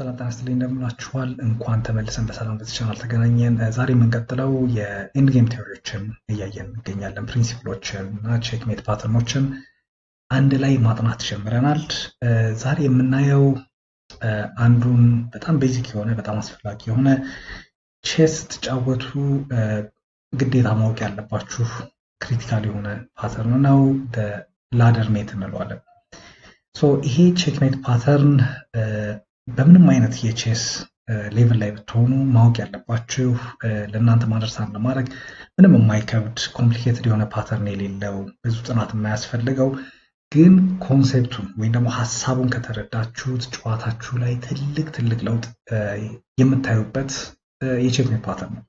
ሰላም ጤና ይስጥልኝ እንደምላችኋል። እንኳን ተመልሰን በሰላም በዚህ ቻናል ተገናኘን። ዛሬ የምንቀጥለው የኤንድጌም ቴዎሪዎችን እያየን እንገኛለን። ፕሪንሲፕሎችን እና ቼክሜት ፓተርኖችን አንድ ላይ ማጥናት ጀምረናል። ዛሬ የምናየው አንዱን በጣም ቤዚክ የሆነ በጣም አስፈላጊ የሆነ ቼስ ስትጫወቱ ግዴታ ማወቅ ያለባችሁ ክሪቲካል የሆነ ፓተርን ነው። ላደር ሜት እንለዋለን። ይሄ ቼክሜት ፓተርን በምንም አይነት የቼስ ሌቭል ላይ ብትሆኑ ማወቅ ያለባችሁ ለእናንተ ማድረሳን ለማድረግ ምንም የማይከብድ ኮምፕሊኬትድ የሆነ ፓተርን የሌለው ብዙ ጥናት የማያስፈልገው ግን ኮንሴፕቱን ወይም ደግሞ ሀሳቡን ከተረዳችሁት ጨዋታችሁ ላይ ትልቅ ትልቅ ለውጥ የምታዩበት የቼክ ሜፓተር ነው።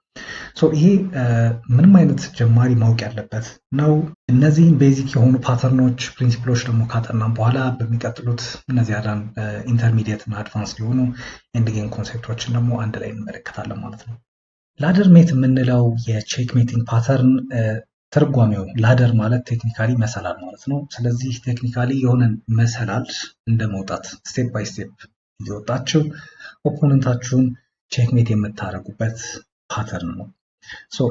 ይሄ ምንም አይነት ጀማሪ ማወቅ ያለበት ነው። እነዚህን ቤዚክ የሆኑ ፓተርኖች፣ ፕሪንሲፕሎች ደግሞ ካጠናም በኋላ በሚቀጥሉት እነዚህ አዳን ኢንተርሚዲየት እና አድቫንስ ሊሆኑ ኤንድጌም ኮንሴፕቶችን ደግሞ አንድ ላይ እንመለከታለን ማለት ነው። ላደር ሜት የምንለው የቼክ ሜቲንግ ፓተርን ትርጓሜው ላደር ማለት ቴክኒካሊ መሰላል ማለት ነው። ስለዚህ ቴክኒካሊ የሆነን መሰላል እንደ መውጣት ስቴፕ ባይ ስቴፕ እየወጣችሁ ኦፖነንታችሁን ቼክሜት የምታደርጉበት ፓተርን ነው።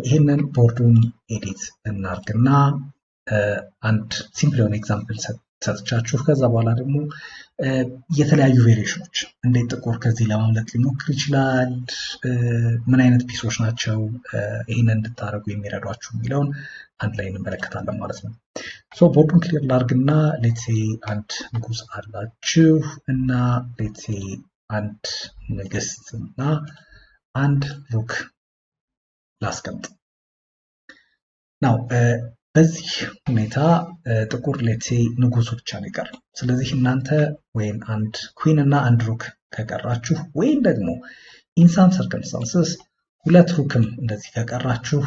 ይህንን ቦርዱን ኤዲት እናርግና አንድ ሲምፕል የሆነ ኤግዛምፕል ሰጥቻችሁ ከዛ በኋላ ደግሞ የተለያዩ ቬሪሽኖች እንዴት ጥቁር ከዚህ ለማምለጥ ሊሞክር ይችላል፣ ምን አይነት ፒሶች ናቸው ይህንን እንድታደርጉ የሚረዷችሁ የሚለውን አንድ ላይ እንመለከታለን ማለት ነው። ሶ ቦርዱን ክሊር ላርግና ሌትሴ አንድ ንጉስ አላችሁ እና ሌትሴ አንድ ንግስት እና አንድ ሉክ ላስቀምጥ ነው። በዚህ ሁኔታ ጥቁር ሌቴ ንጉሱ ብቻ ነው ስለዚህ እናንተ ወይም አንድ ኩዊን እና አንድ ሩክ ከቀራችሁ ወይም ደግሞ ኢንሳም ሰርክምስታንስስ ሁለት ሩክም እንደዚህ ከቀራችሁ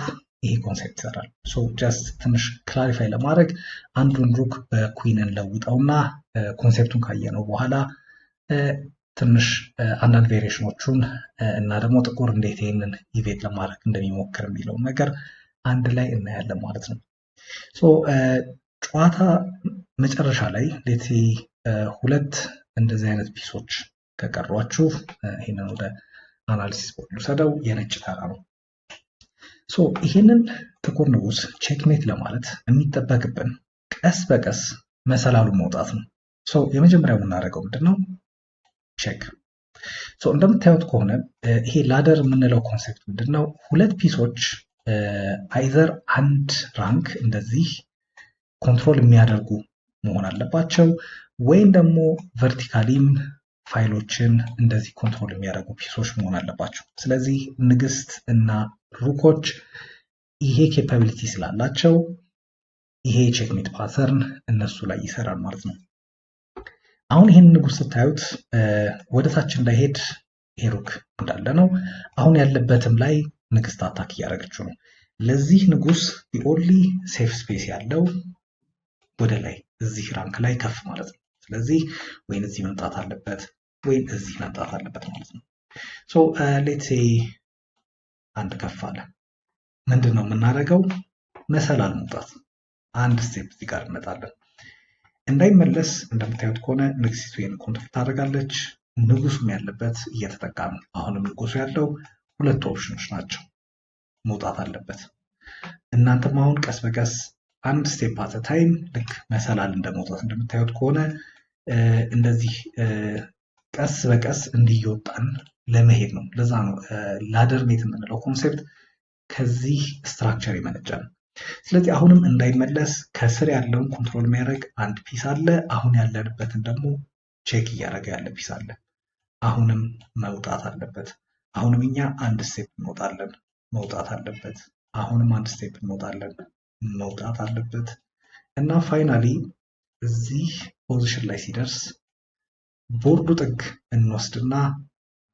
ይሄ ኮንሴፕት ይሰራል። ሶ ጀስት ትንሽ ክላሪፋይ ለማድረግ አንዱን ሩክ በኩዊንን ለውጠውና ኮንሴፕቱን ካየነው በኋላ ትንሽ አንዳንድ ቬሪሽኖቹን እና ደግሞ ጥቁር እንዴት ይህንን ኢቬት ለማድረግ እንደሚሞክር የሚለውን ነገር አንድ ላይ እናያለን ማለት ነው። ሶ ጨዋታ መጨረሻ ላይ ሌት ሁለት እንደዚህ አይነት ፒሶች ከቀሯችሁ ይህንን ወደ አናሊሲስ ቦርድ ውሰደው። የነጭ ተራ ነው። ሶ ይህንን ጥቁር ንጉስ ቼክሜት ለማለት የሚጠበቅብን ቀስ በቀስ መሰላሉ መውጣት ነው። ሶ የመጀመሪያው የምናደርገው ምንድን ነው? ቼክ እንደምታዩት ከሆነ ይሄ ላደር የምንለው ኮንሴፕት ምንድን ነው? ሁለት ፒሶች አይዘር አንድ ራንክ እንደዚህ ኮንትሮል የሚያደርጉ መሆን አለባቸው ወይም ደግሞ ቨርቲካሊም ፋይሎችን እንደዚህ ኮንትሮል የሚያደርጉ ፒሶች መሆን አለባቸው። ስለዚህ ንግስት እና ሩኮች ይሄ ኬፓቢሊቲ ስላላቸው ይሄ ቼክሜት ፓተርን እነሱ ላይ ይሰራል ማለት ነው። አሁን ይህን ንጉስ ስታዩት ወደ ታች እንዳይሄድ ሄሩክ እንዳለ ነው። አሁን ያለበትም ላይ ንግስት አታክ እያደረገችው ነው። ለዚህ ንጉስ ኦንሊ ሴፍ ስፔስ ያለው ወደ ላይ እዚህ ራንክ ላይ ከፍ ማለት ነው። ስለዚህ ወይም እዚህ መምጣት አለበት ወይም እዚህ መምጣት አለበት ማለት ነው። ሶ ሌት አንድ ከፍ አለ። ምንድን ነው የምናደርገው? መሰላል መውጣት አንድ ስቴፕ እዚህ ጋር እንመጣለን። እንዳይመለስ እንደምታዩት ከሆነ ንግስቲቱ ይህን ኮንትሮል ታደርጋለች። ንጉሱም ያለበት እየተጠቃ ነው። አሁንም ንጉሱ ያለው ሁለት ኦፕሽኖች ናቸው፣ መውጣት አለበት። እናንተም አሁን ቀስ በቀስ አንድ ስቴፕ አተ ታይም ልክ መሰላል እንደመውጣት እንደምታዩት ከሆነ እንደዚህ ቀስ በቀስ እንዲወጣን ለመሄድ ነው። ለዛ ነው ላደር ጌት የምንለው ኮንሴፕት ከዚህ ስትራክቸር ይመነጫል። ስለዚህ አሁንም እንዳይመለስ ከስር ያለውን ኮንትሮል የሚያደርግ አንድ ፒስ አለ። አሁን ያለንበትን ደግሞ ቼክ እያደረገ ያለ ፒስ አለ። አሁንም መውጣት አለበት። አሁንም እኛ አንድ ስቴፕ እንወጣለን፣ መውጣት አለበት። አሁንም አንድ ስቴፕ እንወጣለን፣ መውጣት አለበት እና ፋይናሊ እዚህ ፖዚሽን ላይ ሲደርስ ቦርዱ ጥግ እንወስድና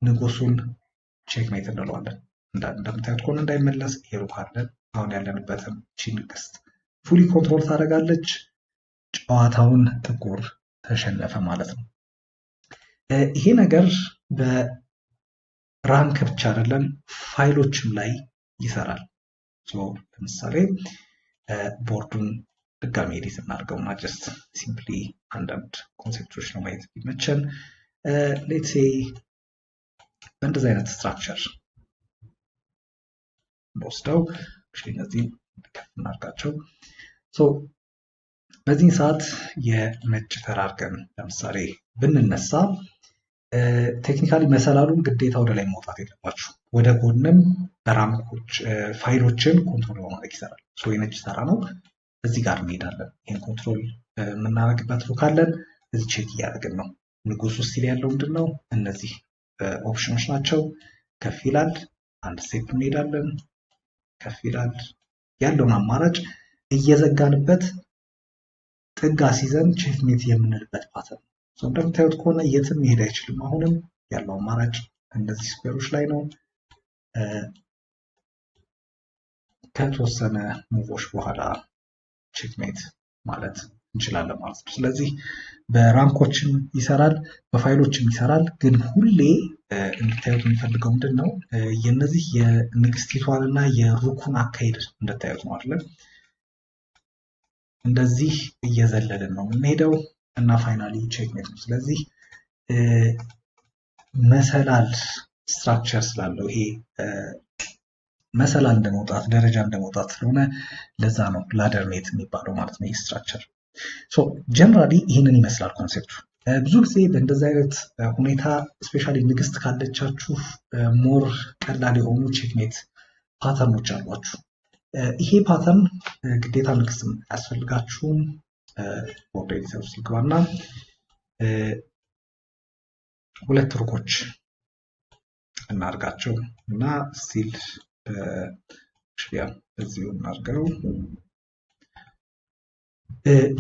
ንጉሱን ቼክሜት እንለዋለን። እንደምታዩት ከሆነ እንዳይመለስ ሄሩ ካለን አሁን ያለንበትም ቺ ንግስት ፉሊ ኮንትሮል ታደርጋለች። ጨዋታውን ጥቁር ተሸነፈ ማለት ነው። ይሄ ነገር በራንክ ብቻ አይደለም ፋይሎችም ላይ ይሰራል። ለምሳሌ ቦርዱን ድጋሚ ኤዲት እናድርገው እና ጀስት ሲምፕሊ አንዳንድ ኮንሴፕቶች ለማየት ቢመቸን ሌትሴ በእንደዚህ አይነት ስትራክቸር ወስደው እነዚህ ናቸው። በዚህን ሰዓት የነጭ ተራ አድርገን ለምሳሌ ብንነሳ ቴክኒካሊ መሰላሉን ግዴታ ወደ ላይ መውጣት የለባችሁ ወደ ጎንም በራምኮች ፋይሎችን ኮንትሮል በማድረግ ይሰራል። የነጭ ተራ ነው። እዚህ ጋር እንሄዳለን። ይህን ኮንትሮል የምናደርግበት ሉ ካለን እዚህ ቼክ እያደረግን ነው። ንጉሱ ሲል ያለው ምንድን ነው? እነዚህ ኦፕሽኖች ናቸው። ከፍ ይላል። አንድ ስቴፕ እንሄዳለን። ከፍ ይላል። ያለውን አማራጭ እየዘጋንበት ጥግ አስይዘን ቼክሜት የምንልበት ፓተር ነው። እንደምታዩት ከሆነ የትም መሄድ አይችልም። አሁንም ያለው አማራጭ እነዚህ ስኩዌሮች ላይ ነው። ከተወሰነ ሙቮች በኋላ ቼክሜት ማለት እንችላለን ማለት ነው። ስለዚህ በራንኮችም ይሰራል፣ በፋይሎችም ይሰራል። ግን ሁሌ እንድታዩት የሚፈልገው ምንድን ነው የነዚህ የንግስቲቷን እና የሩኩን አካሄድ እንድታዩት ነው አይደለም። እንደዚህ እየዘለልን ነው የምንሄደው እና ፋይናሊ ቼክሜት ነው። ስለዚህ መሰላል ስትራክቸር ስላለው ይሄ መሰላል እንደመውጣት ደረጃ እንደመውጣት ስለሆነ ለዛ ነው ላደርሜት የሚባለው ማለት ነው ይህ ስትራክቸር ጀነራሊ ይህንን ይመስላል ኮንሴፕቱ። ብዙ ጊዜ በእንደዚህ አይነት ሁኔታ ስፔሻሊ ንግስት ካለቻችሁ ሞር ቀላል የሆኑ ቼክሜት ፓተርኖች አሏችሁ። ይሄ ፓተርን ግዴታ ንግስት አያስፈልጋችሁም። ቦርድ ኤዲተር ውስጥ ይግባና ሁለት ሩቆች እናርጋቸው። እና ስቲል በዚህ እናርገው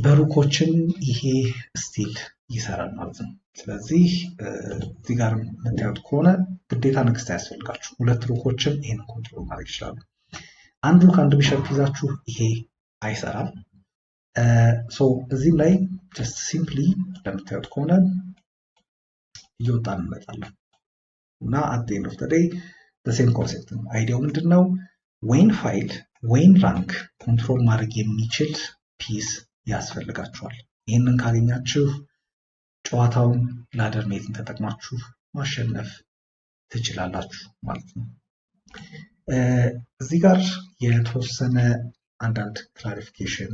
በሩኮችን ይሄ ስቲል ይሰራል ማለት ነው። ስለዚህ እዚህ ጋር የምታዩት ከሆነ ግዴታ ንግስት አያስፈልጋችሁ። ሁለት ሩኮችን ይሄን ኮንትሮል ማድረግ ይችላሉ። አንድ ሩክ አንድ ቢሸፕ ይዛችሁ ይሄ አይሰራም። ሶ እዚህም ላይ ጀስት ሲምፕሊ እንደምታዩት ከሆነ እየወጣ እንመጣለን እና አት ኤንድ ኦፍ ኮንሴፕት ነው። አይዲያው ምንድን ነው? ወይን ፋይል ወይን ራንክ ኮንትሮል ማድረግ የሚችል ፒስ ያስፈልጋችኋል። ይህንን ካገኛችሁ ጨዋታውን ላደር ሜትን ተጠቅማችሁ ማሸነፍ ትችላላችሁ ማለት ነው። እዚህ ጋር የተወሰነ አንዳንድ ክላሪፊኬሽን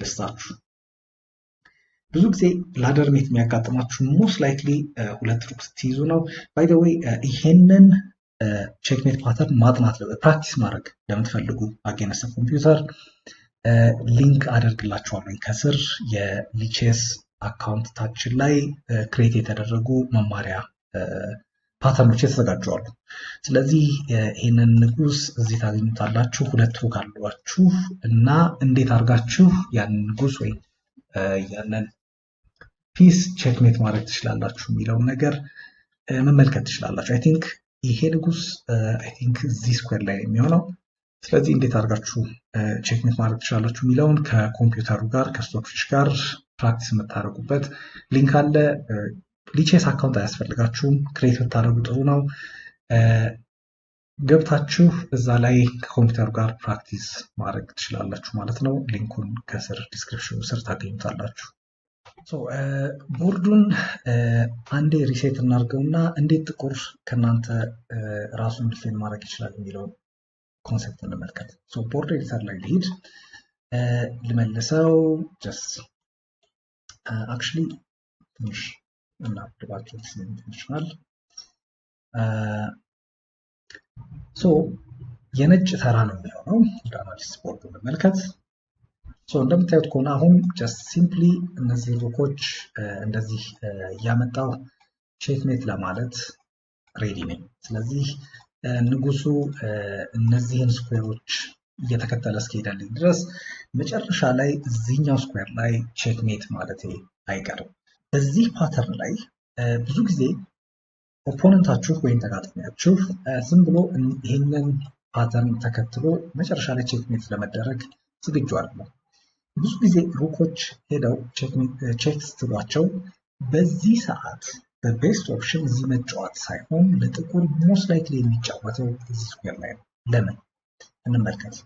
ልስጣችሁ። ብዙ ጊዜ ላደር ሜት የሚያጋጥማችሁ ሞስት ላይክሊ ሁለት ሩክ ስትይዙ ነው። ባይ ዘ ዌይ ይሄንን ቼክሜት ፓተርን ማጥናት ፕራክቲስ ማድረግ ለምትፈልጉ አጌነስት ኮምፒውተር ሊንክ አደርግላችኋለሁ ከስር የሊቼስ አካውንታችን ላይ ክሬት የተደረጉ መማሪያ ፓተርኖች የተዘጋጀዋሉ። ስለዚህ ይህንን ንጉስ እዚህ ታገኙታላችሁ። ሁለት ሩክ አሏችሁ እና እንዴት አድርጋችሁ ያንን ንጉስ ወይም ያንን ፒስ ቼክሜት ማድረግ ትችላላችሁ የሚለውን ነገር መመልከት ትችላላችሁ። አይ ቲንክ ይሄ ንጉስ አይ ቲንክ እዚህ ስኩዌር ላይ የሚሆነው ስለዚህ እንዴት አድርጋችሁ ቼክሜት ማድረግ ትችላላችሁ የሚለውን ከኮምፒውተሩ ጋር ከስቶክፊሽ ጋር ፕራክቲስ የምታደርጉበት ሊንክ አለ። ሊቼስ አካውንት አያስፈልጋችሁም። ክሬት ብታደርጉ ጥሩ ነው። ገብታችሁ እዛ ላይ ከኮምፒውተሩ ጋር ፕራክቲስ ማድረግ ትችላላችሁ ማለት ነው። ሊንኩን ከስር ዲስክሪፕሽኑ ስር ታገኙታላችሁ። ቦርዱን አንዴ ሪሴት እናድርገውና እንዴት ጥቁር ከእናንተ ራሱን ዲፌን ማድረግ ይችላል የሚለውን ኮንሰፕት እንመልከት። ቦርድ ኤዲተር ላይ ሊሄድ ልመልሰው። ጀስ አክቹሊ ትንሽ እናብድባቸው ይችላል። ሶ የነጭ ተራ ነው የሚሆነው። ወደ አናሊሲስ ቦርዱ እንመልከት። እንደምታዩት ከሆነ አሁን ጀስት ሲምፕሊ እነዚህ ሎኮች እንደዚህ እያመጣው ቼክሜት ለማለት ሬዲ ነኝ። ስለዚህ ንጉሱ እነዚህን ስኩዌሮች እየተከተለ እስከሄዳልኝ ድረስ መጨረሻ ላይ እዚህኛው ስኩዌር ላይ ቼክሜት ማለት አይቀርም። በዚህ ፓተርን ላይ ብዙ ጊዜ ኦፖነንታችሁ ወይም ተጋጣሚያችሁ ዝም ብሎ ይህንን ፓተርን ተከትሎ መጨረሻ ላይ ቼክሜት ለመደረግ ዝግጁ አለ። ብዙ ጊዜ ሩኮች ሄደው ቼክ ስትሏቸው በዚህ ሰዓት በቤስት ኦፕሽን እዚህ መጫወት ሳይሆን ለጥቁር ሞስት ላይክሊ የሚጫወተው እዚህ ስኩዌር ላይ ነው። ለምን እንመልከት።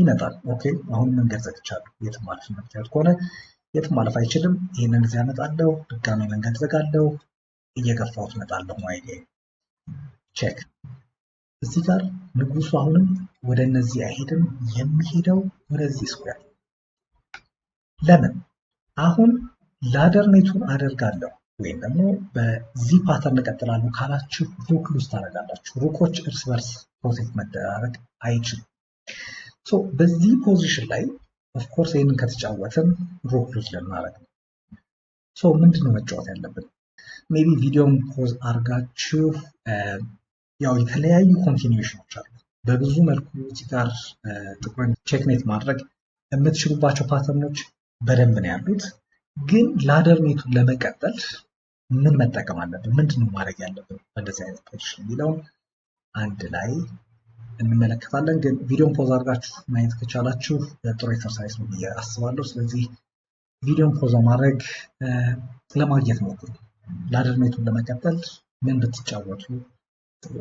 ይመጣል። ኦኬ አሁን መንገድ ዘግቻለሁ። የት ማለፍ የምታዩት ከሆነ የት ማለፍ አይችልም። ይህንን እዚህ አመጣለሁ፣ ድጋሚ መንገድ ዘጋለሁ። እየገፋሁት እመጣለሁ። ማይዴ ቼክ እዚህ ጋር ንጉሱ አሁንም ወደ እነዚህ አይሄድም። የሚሄደው ወደዚህ ስኩዌር ለምን አሁን ላደር ኔቱን አደርጋለሁ ወይም ደግሞ በዚህ ፓተርን እቀጥላለሁ ካላችሁ ሩክ ሉዝ ታደርጋላችሁ። ሩኮች እርስ በርስ ፕሮቴክት መደራረግ አይችሉም። በዚህ ፖዚሽን ላይ ኦፍኮርስ ይህንን ከተጫወትን ሩክ ሉዝ ልናደርግ ነው። ምንድነው ምንድን ነው መጫወት ያለብን? ሜቢ ቪዲዮን ፖዝ አድርጋችሁ ያው የተለያዩ ኮንቲኒዌሽኖች አሉ። በብዙ መልኩ ጋር ጥቁርን ቼክሜት ማድረግ የምትችሉባቸው ፓተርኖች በደንብ ነው ያሉት። ግን ላደር ሜቱን ለመቀጠል ምን መጠቀም አለብን? ምንድነው ማድረግ ያለብን? በእንደዚህ አይነት ፖዚሽን የሚለውን አንድ ላይ እንመለከታለን። ግን ቪዲዮን ፖዝ አድርጋችሁ ማየት ከቻላችሁ ጥሩ ኤክሰርሳይዝ ነው ብዬ አስባለሁ። ስለዚህ ቪዲዮን ፖዝ ማድረግ ለማግኘት ሞክሩ። ሜቱን ለመቀጠል ምን ብትጫወቱ ጥሩ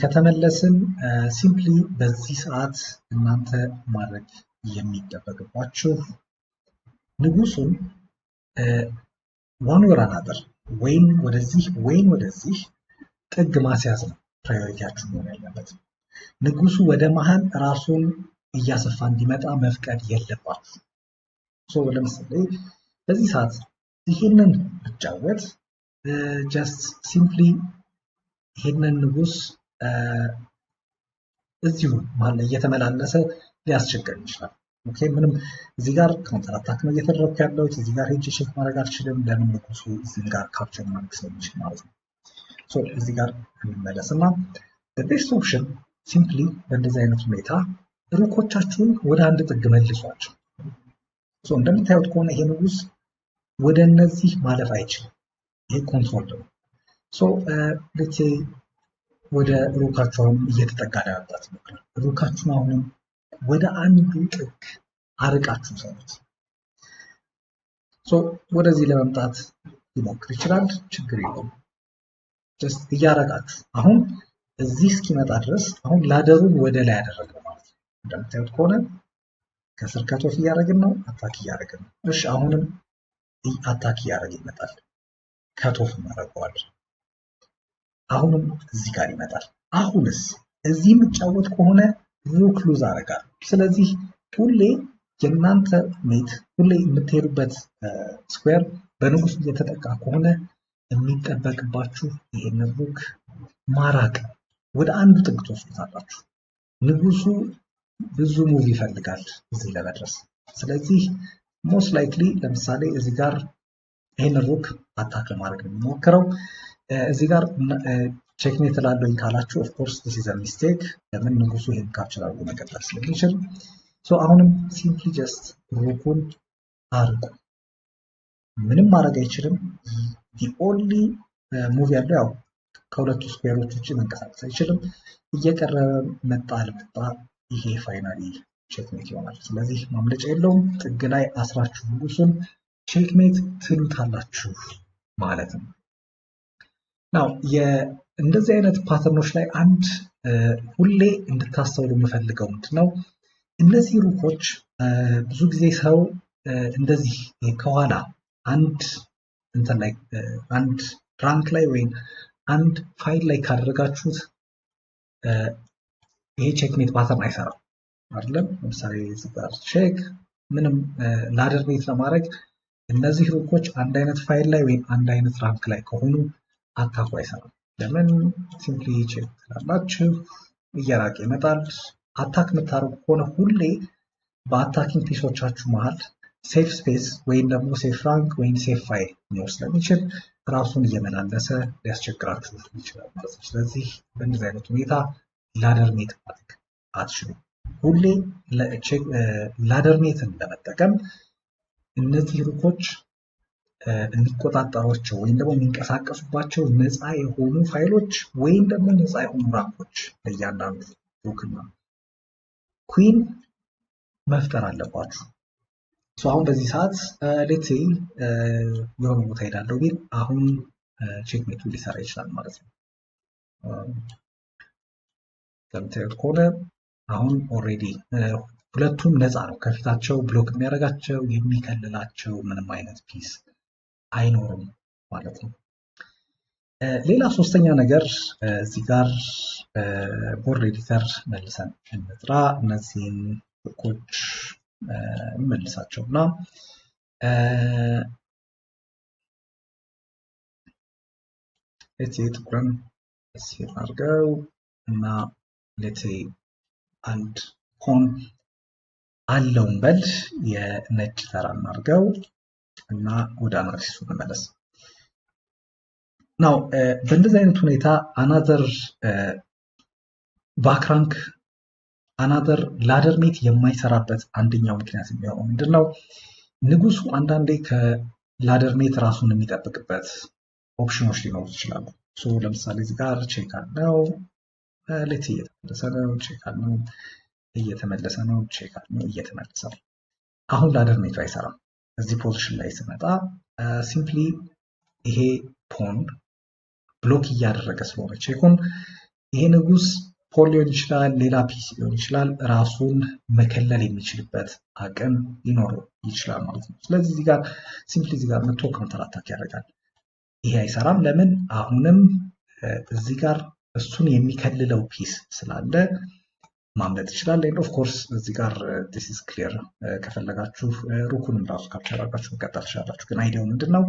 ከተመለስን ሲምፕሊ በዚህ ሰዓት እናንተ ማድረግ የሚጠበቅባችሁ ንጉሱን መኖር አናጥር ወይም ወደዚህ ወይም ወደዚህ ጥግ ማስያዝ ነው ፕራዮሪቲያችሁ መሆን ያለበት። ንጉሱ ወደ መሀል ራሱን እያሰፋ እንዲመጣ መፍቀድ የለባችሁ። ለምሳሌ በዚህ ሰዓት ይህንን ብጫወት ጀስት ሲምፕሊ ይሄንን ንጉስ እዚሁ መሀል ላይ እየተመላለሰ ሊያስቸግር ይችላል። ኦኬ ምንም እዚህ ጋር ካውንተር አታክ ነው እየተደረግኩ ያለሁት። እዚህ ጋር ሄጅ ሼክ ማድረግ አልችልም። ለምን ንጉሱ እዚህ ጋር ካፕቸር ማድረግ ስለሚችል ማለት ነው። እዚህ ጋር እንመለስ እና በቤስት ኦፕሽን ሲምፕሊ በእንደዚህ አይነት ሁኔታ ሩኮቻችሁን ወደ አንድ ጥግ መልሷቸው። እንደምታዩት ከሆነ ይሄ ንጉስ ወደ እነዚህ ማለፍ አይችልም። ይሄ ኮንትሮል ነው። ሶ ሌትሴ ወደ ሩካችሁ አሁንም እየተጠጋ ላያባት ይሞክራል። ሩካችሁን አሁንም ወደ አንዱ ጥግ አርቃችሁ ሰሩት። ወደዚህ ለመምጣት ሊሞክር ይችላል። ችግር የለም። እያረጋችሁ አሁን እዚህ እስኪመጣ ድረስ አሁን ላደሩን ወደ ላይ ያደረገ ማለት ነው። እንደምታዩት ከሆነ ከስር ከቶፍ እያደረግን ነው፣ አታክ እያደረግን ነው። እሺ አሁንም አታክ እያደረግ ይመጣል፣ ከቶፍ እናደርገዋለን። አሁንም እዚህ ጋር ይመጣል። አሁንስ እዚህ የምጫወት ከሆነ ሩክ ሉዝ አደርጋለሁ። ስለዚህ ሁሌ የእናንተ ሜት ሁሌ የምትሄዱበት ስኩዌር በንጉስ እየተጠቃ ከሆነ የሚጠበቅባችሁ ይህን ሩክ ማራቅ ወደ አንዱ ጥግ ትወስዱታላችሁ። ንጉሱ ብዙ ሙቭ ይፈልጋል እዚህ ለመድረስ። ስለዚህ ሞስት ላይክሊ ለምሳሌ እዚህ ጋር ይህን ሩክ አታክ ለማድረግ ነው የሚሞክረው። እዚህ ጋር ቼክሜት ትላለኝ ካላችሁ ኦፍኮርስ ዚስ ኢዝ ሚስቴክ። ለምን ንጉሱ ይህን ካፕቸር አድርጎ መቀጠል ስለሚችል ሶ አሁንም ሲምፕሊ ጀስት ሩኩን አርጉ። ምንም ማድረግ አይችልም። ኦንሊ ሙቭ uh, ያለው ያው ከሁለቱ ስኩዌሮች ውጭ መንቀሳቀስ አይችልም። እየቀረበ መጣ አልመጣ ይሄ ፋይናሊ ቼክሜት ይሆናል። ስለዚህ ማምለጫ የለውም። ጥግ ላይ አስራችሁ ንጉሱን ቼክሜት ትሉታላችሁ ማለት ነው። ናው እንደዚህ አይነት ፓተርኖች ላይ አንድ ሁሌ እንድታስተውሉ የምፈልገው ምንድን ነው፣ እነዚህ ሩኮች ብዙ ጊዜ ሰው እንደዚህ ከኋላ አንድ እንትን ላይ አንድ ራንክ ላይ ወይም አንድ ፋይል ላይ ካደረጋችሁት ይሄ ቼክሜት ፓተርን አይሰራም አይደለም። ለምሳሌ እዚህ ጋር ቼክ ምንም ላደርሜት ለማድረግ እነዚህ ሩኮች አንድ አይነት ፋይል ላይ ወይም አንድ አይነት ራንክ ላይ ከሆኑ አታኩ አይሰራም። ለምን ሲምፕሊ ቼክ ትላላችሁ። እየራቀ ይመጣል። አታክ የምታደርጉ ከሆነ ሁሌ በአታኪንግ ፒሶቻችሁ መሀል ሴፍ ስፔስ ወይም ደግሞ ሴፍ ራንክ ወይም ሴፍ ፋይል ሊኖር ስለሚችል ራሱን እየመላለሰ ሊያስቸግራችሁ ይችላል ማለት ነው። ስለዚህ በእንደዚህ አይነት ሁኔታ ላደርኔት ማድረግ አትችሉም። ሁሌ ላደርኔትን ለመጠቀም እነዚህ ሩኮች የሚቆጣጠሯቸው ወይም ደግሞ የሚንቀሳቀሱባቸው ነፃ የሆኑ ፋይሎች ወይም ደግሞ ነፃ የሆኑ ራኮች ለእያንዳንዱ ሩክና ኩዊን መፍጠር አለባችሁ። አሁን በዚህ ሰዓት ሌት uh, uh, የሆነ ቦታ ሄዳለሁ ቢል አሁን ቼክሜቱ uh, ሊሰራ ይችላል ማለት ነው። ለምታዩት um, ከሆነ አሁን ኦሬዲ ሁለቱም ነፃ ነው። ከፊታቸው ብሎክ የሚያደርጋቸው የሚከልላቸው ምንም አይነት ፒስ አይኖርም ማለት ነው። ሌላ ሶስተኛ ነገር እዚህ ጋር ቦርድ ኤዲተር መልሰን እንጥራ። እነዚህን ህጎች እንመልሳቸው እና ሌቴ ጥቁርን ስፌር አድርገው እና ሌቴ አንድ ኮን አለውን በል የነጭ ተራ እናድርገው እና ወደ አናሊሲሱ እንመለስ። ናው eh, በእንደዚህ አይነት ሁኔታ አናዘር ባክራንክ አናዘር ላደርሜት የማይሰራበት አንደኛው ምክንያት የሚሆነው ምንድን ነው? ንጉሱ አንዳንዴ ከላደርሜት ራሱን የሚጠብቅበት ኦፕሽኖች ሊኖሩ ይችላሉ። ለምሳሌ እዚህ ጋር ቼክ አለው ሌት eh, እየተመለሰ ነው፣ ቼክ አለው እየተመለሰ ነው፣ ቼክ አለው እየተመለሰ ነው። አሁን ላደርሜቱ አይሰራም። እዚህ ፖዚሽን ላይ ስመጣ ሲምፕሊ ይሄ ፖን ብሎክ እያደረገ ስለሆነ ቼኩን ይሄ ንጉስ ፖን ሊሆን ይችላል፣ ሌላ ፒስ ሊሆን ይችላል። ራሱን መከለል የሚችልበት አቅም ሊኖረው ይችላል ማለት ነው። ስለዚህ እዚህ ጋር ሲምፕሊ እዚህ ጋር መቶ ካውንተር አታክ ያደርጋል። ይሄ አይሰራም። ለምን? አሁንም እዚህ ጋር እሱን የሚከልለው ፒስ ስላለ ማምለጥ ይችላል። ኤንድ ኦፍ ኮርስ እዚህ ጋር ዲስ ኢዝ ክሊር ከፈለጋችሁ uh, ሩኩንም ራሱ ካፕቸር አድርጋችሁ መቀጠል ትችላላችሁ። ግን አይዲያው ምንድን ነው?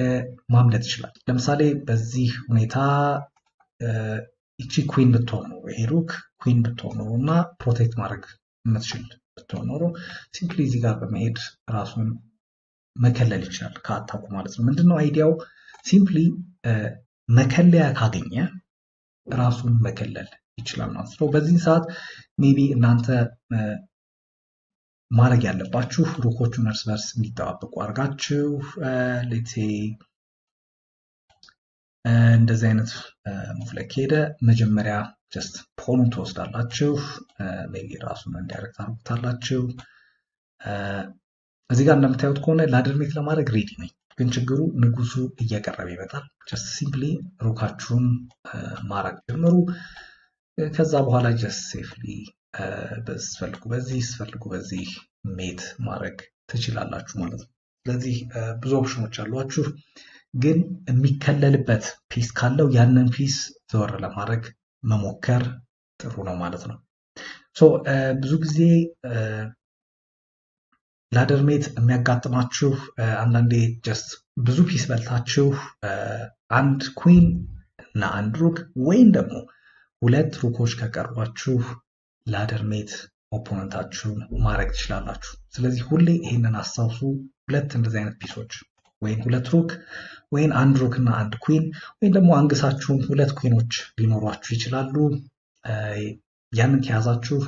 Uh, ማምለጥ ይችላል። ለምሳሌ በዚህ ሁኔታ እቺ uh, ኩዊን ብትሆን ኖሮ ይሄ ሩክ ኩዊን ብትሆን ኖሮ እና ፕሮቴክት ማድረግ የምትችል ብትሆን ኖሮ ሲምፕሊ እዚህ ጋር በመሄድ ራሱን መከለል ይችላል ከአታኩ ማለት ነው። ምንድነው አይዲያው? ሲምፕሊ መከለያ ካገኘ ራሱን መከለል ይችላል ማለት ነው። በዚህ ሰዓት ሜቢ እናንተ ማድረግ ያለባችሁ ሩኮቹን እርስ በርስ እንዲጠባበቁ አድርጋችሁ ሌቴ እንደዚህ አይነት ሙቭ ላይ ከሄደ መጀመሪያ ጀስት ፖኑን ትወስዳላችሁ። ሜቢ ራሱን እንዲያደርግ ታርጉታላችሁ። እዚህ ጋር እንደምታዩት ከሆነ ላደርሜት ለማድረግ ሬዲ ነኝ፣ ግን ችግሩ ንጉሱ እየቀረበ ይመጣል። ጀስት ሲምፕሊ ሩካችሁን ማድረግ ጀምሩ። ከዛ በኋላ ጀስት ሴፍሊ በስፈልጉ በዚህ ስፈልጉ በዚህ ሜት ማድረግ ትችላላችሁ ማለት ነው። ስለዚህ ብዙ ኦፕሽኖች አሏችሁ፣ ግን የሚከለልበት ፒስ ካለው ያንን ፒስ ዘወር ለማድረግ መሞከር ጥሩ ነው ማለት ነው። ብዙ ጊዜ ላደር ሜት የሚያጋጥማችሁ አንዳንዴ ጀስት ብዙ ፒስ በልታችሁ አንድ ኩዊን እና አንድ ሩክ ወይም ደግሞ ሁለት ሩኮች ከቀሯችሁ ሜት ኦፖነንታችሁን ማድረግ ትችላላችሁ። ስለዚህ ሁሌ ይህንን አስታውሱ። ሁለት እንደዚህ አይነት ፒሶች ወይም ሁለት ሩክ ወይም አንድ ሩክ እና አንድ ኩን ወይም ደግሞ አንግሳችሁም ሁለት ኩኖች ሊኖሯችሁ ይችላሉ። ያንን ከያዛችሁ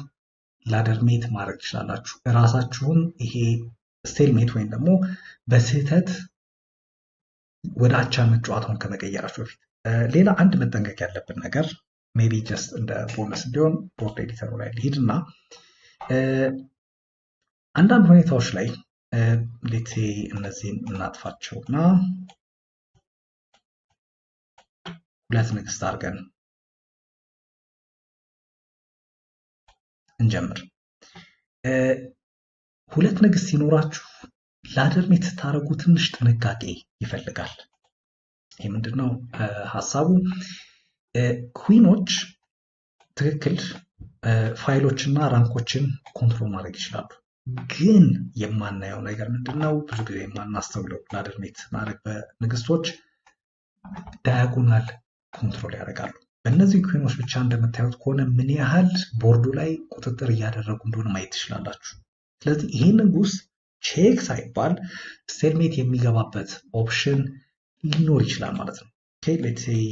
ላደር ሜት ማድረግ ትችላላችሁ። እራሳችሁን ይሄ ስቴል ሜት ወይም ደግሞ በስህተት ወደ አቻነት ጨዋታውን ከመቀየራችሁ በፊት ሌላ አንድ መጠንቀቅ ያለብን ነገር ሜቢ ጀስት እንደ ቦነስ እንዲሆን ቦርድ ኤዲተሩ ላይ እና አንዳንድ ሁኔታዎች ላይ ሌቴ እነዚህን እናጥፋቸውና ሁለት ንግስት አድርገን እንጀምር። ሁለት ንግስት ሲኖራችሁ ላደርሜት ስታደርጉ ትንሽ ጥንቃቄ ይፈልጋል። ይህ ምንድነው ሀሳቡ? ኩዊኖች ትክክል ፋይሎችና ራንኮችን ኮንትሮል ማድረግ ይችላሉ። ግን የማናየው ነገር ምንድን ነው? ብዙ ጊዜ የማናስተውለው ላደርሜት ማድረግ በንግስቶች ዳያጎናል ኮንትሮል ያደርጋሉ። በእነዚህ ኩዊኖች ብቻ እንደምታዩት ከሆነ ምን ያህል ቦርዱ ላይ ቁጥጥር እያደረጉ እንደሆነ ማየት ትችላላችሁ። ስለዚህ ይሄ ንጉስ ቼክ ሳይባል ስቴልሜት የሚገባበት ኦፕሽን ሊኖር ይችላል ማለት ነው። ሌትሴይ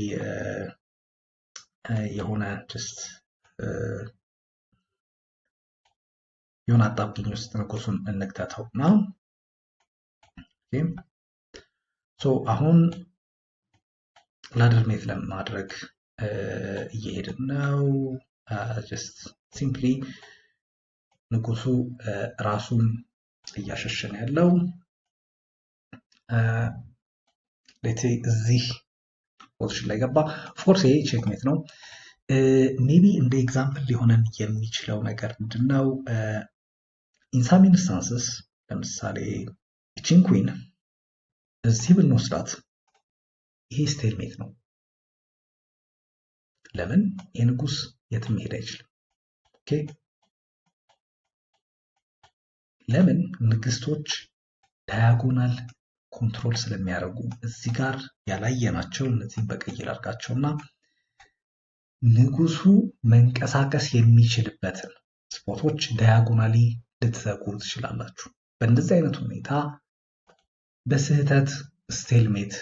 የሆነ ጀስት የሆነ አጣብቂኝ ውስጥ ንጉሱን እንግታተው እና አሁን ላድርሜት ለማድረግ እየሄድን ነው። ጀስት ሲምፕሊ ንጉሱ ራሱን እያሸሸን ያለው ሌቴ እዚህ ፖዚሽን ላይ ገባ። ፎርስ ይሄ ቼክሜት ነው። ሜቢ እንደ ኤግዛምፕል ሊሆነን የሚችለው ነገር ምንድነው? ኢንሳም ኢንስታንስስ ለምሳሌ እቺን ኩዊን እዚህ ብንወስዳት ይሄ ስቴልሜት ነው። ለምን ይሄ ንጉስ የትም መሄድ አይችልም። ኦኬ ለምን ንግስቶች ዳያጎናል ኮንትሮል ስለሚያደርጉ እዚህ ጋር ያላየናቸው እነዚህም በቀይ ላድርጋቸውና ንጉሱ መንቀሳቀስ የሚችልበትን ስፖቶች ዳያጎናሊ ልትዘጉ ትችላላችሁ። በእንደዚህ አይነት ሁኔታ በስህተት ስቴልሜት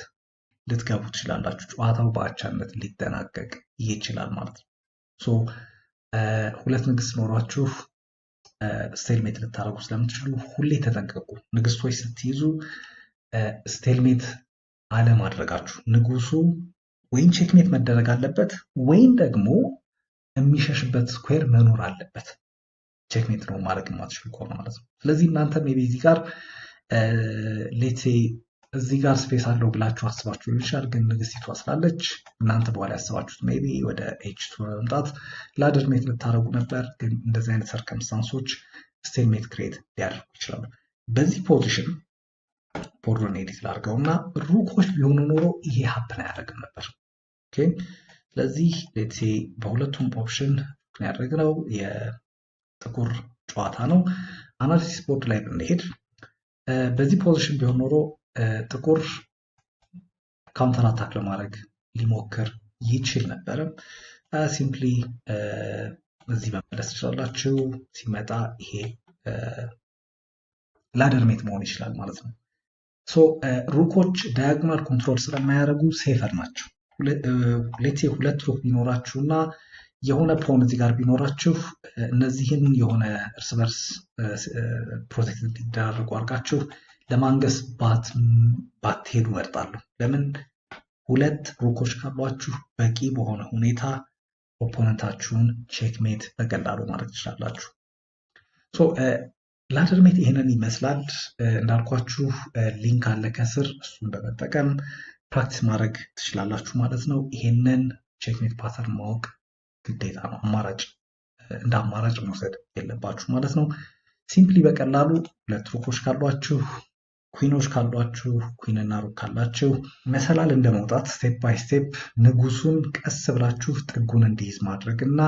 ልትገቡ ትችላላችሁ። ጨዋታው በአቻነት ሊጠናቀቅ ይችላል ማለት ነው። ሁለት ንግስት ኖሯችሁ ስቴልሜት ልታደርጉ ስለምትችሉ ሁሌ ተጠንቀቁ። ንግስቶች ስትይዙ ስቴልሜት አለማድረጋችሁ ንጉሱ ወይም ቼክሜት መደረግ አለበት ወይም ደግሞ የሚሸሽበት ስኩዌር መኖር አለበት። ቼክሜት ነው ማድረግ የማትችሉ ከሆነ ማለት ነው። ስለዚህ እናንተ ቢ እዚህ ጋር ሌቴ እዚህ ጋር ስፔስ አለው ብላችሁ አስባችሁ ሊሆን ይችላል። ግን ንግስቲቷ ስላለች እናንተ በኋላ ያስባችሁት ቢ ወደ ኤችቱ በመምጣት ላደር ሜት ልታደረጉ ነበር። ግን እንደዚህ አይነት ሰርከምስታንሶች ስቴልሜት ክሬት ሊያደርጉ ይችላሉ። በዚህ ፖዚሽን ቦርዶን ኤዲት ላድርገው እና ሩቆች ቢሆኑ ኖሮ ይሄ ሀፕን አያደርግም ነበር። ኦኬ ስለዚህ ሌትሴ በሁለቱም ኦፕሽን ነው የጥቁር ጨዋታ ነው። አናሊሲስ ቦርድ ላይ ብንሄድ በዚህ ፖዚሽን ቢሆን ኖሮ ጥቁር ካውንተር አታክ ለማድረግ ሊሞክር ይችል ነበረ። ሲምፕሊ እዚህ መመለስ ትችላላችሁ። ሲመጣ ይሄ ላደርሜት መሆን ይችላል ማለት ነው። ሩኮች ዳያግናል ኮንትሮል ስለማያደርጉ ሴፈር ናቸው። ሌት ሁለት uh, ሩክ ቢኖራችሁ እና የሆነ ፖን እዚህ ጋር ቢኖራችሁ uh, እነዚህን የሆነ እርስ በርስ ፕሮቴክት uh, እንዲደራረጉ አድርጋችሁ ለማንገስ ባትሄዱ መርጣሉ። ለምን ሁለት ሩኮች ካሏችሁ በቂ በሆነ ሁኔታ ኦፖነንታችሁን ቼክሜት በቀላሉ ማድረግ ትችላላችሁ። ላደርሜት ይህንን ይመስላል። እንዳልኳችሁ ሊንክ አለ ከስር፣ እሱን በመጠቀም ፕራክቲስ ማድረግ ትችላላችሁ ማለት ነው። ይህንን ቼክሜት ፓተርን ማወቅ ግዴታ ነው፣ አማራጭ እንደ አማራጭ መውሰድ የለባችሁ ማለት ነው። ሲምፕሊ በቀላሉ ሁለት ሩኮች ካሏችሁ ኩኖች ካሏችሁ ኩን እና ሩክ ካላችሁ መሰላል እንደ መውጣት ስቴፕ ባይ ስቴፕ ንጉሱን ቀስ ብላችሁ ጥጉን እንዲይዝ ማድረግ እና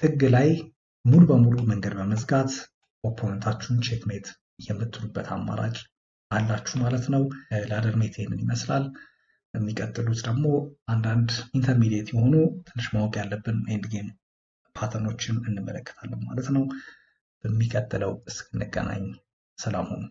ጥግ ላይ ሙሉ በሙሉ መንገድ በመዝጋት ኦፖነንታችሁን ቼክሜት የምትሉበት አማራጭ አላችሁ ማለት ነው። ላደር ይህንን ይመስላል። የሚቀጥሉት ደግሞ አንዳንድ ኢንተርሚዲየት የሆኑ ትንሽ ማወቅ ያለብን ኤንድ ጌም ፓተርኖችን እንመለከታለን ማለት ነው። በሚቀጥለው እስክንገናኝ ሰላም ሁኑ።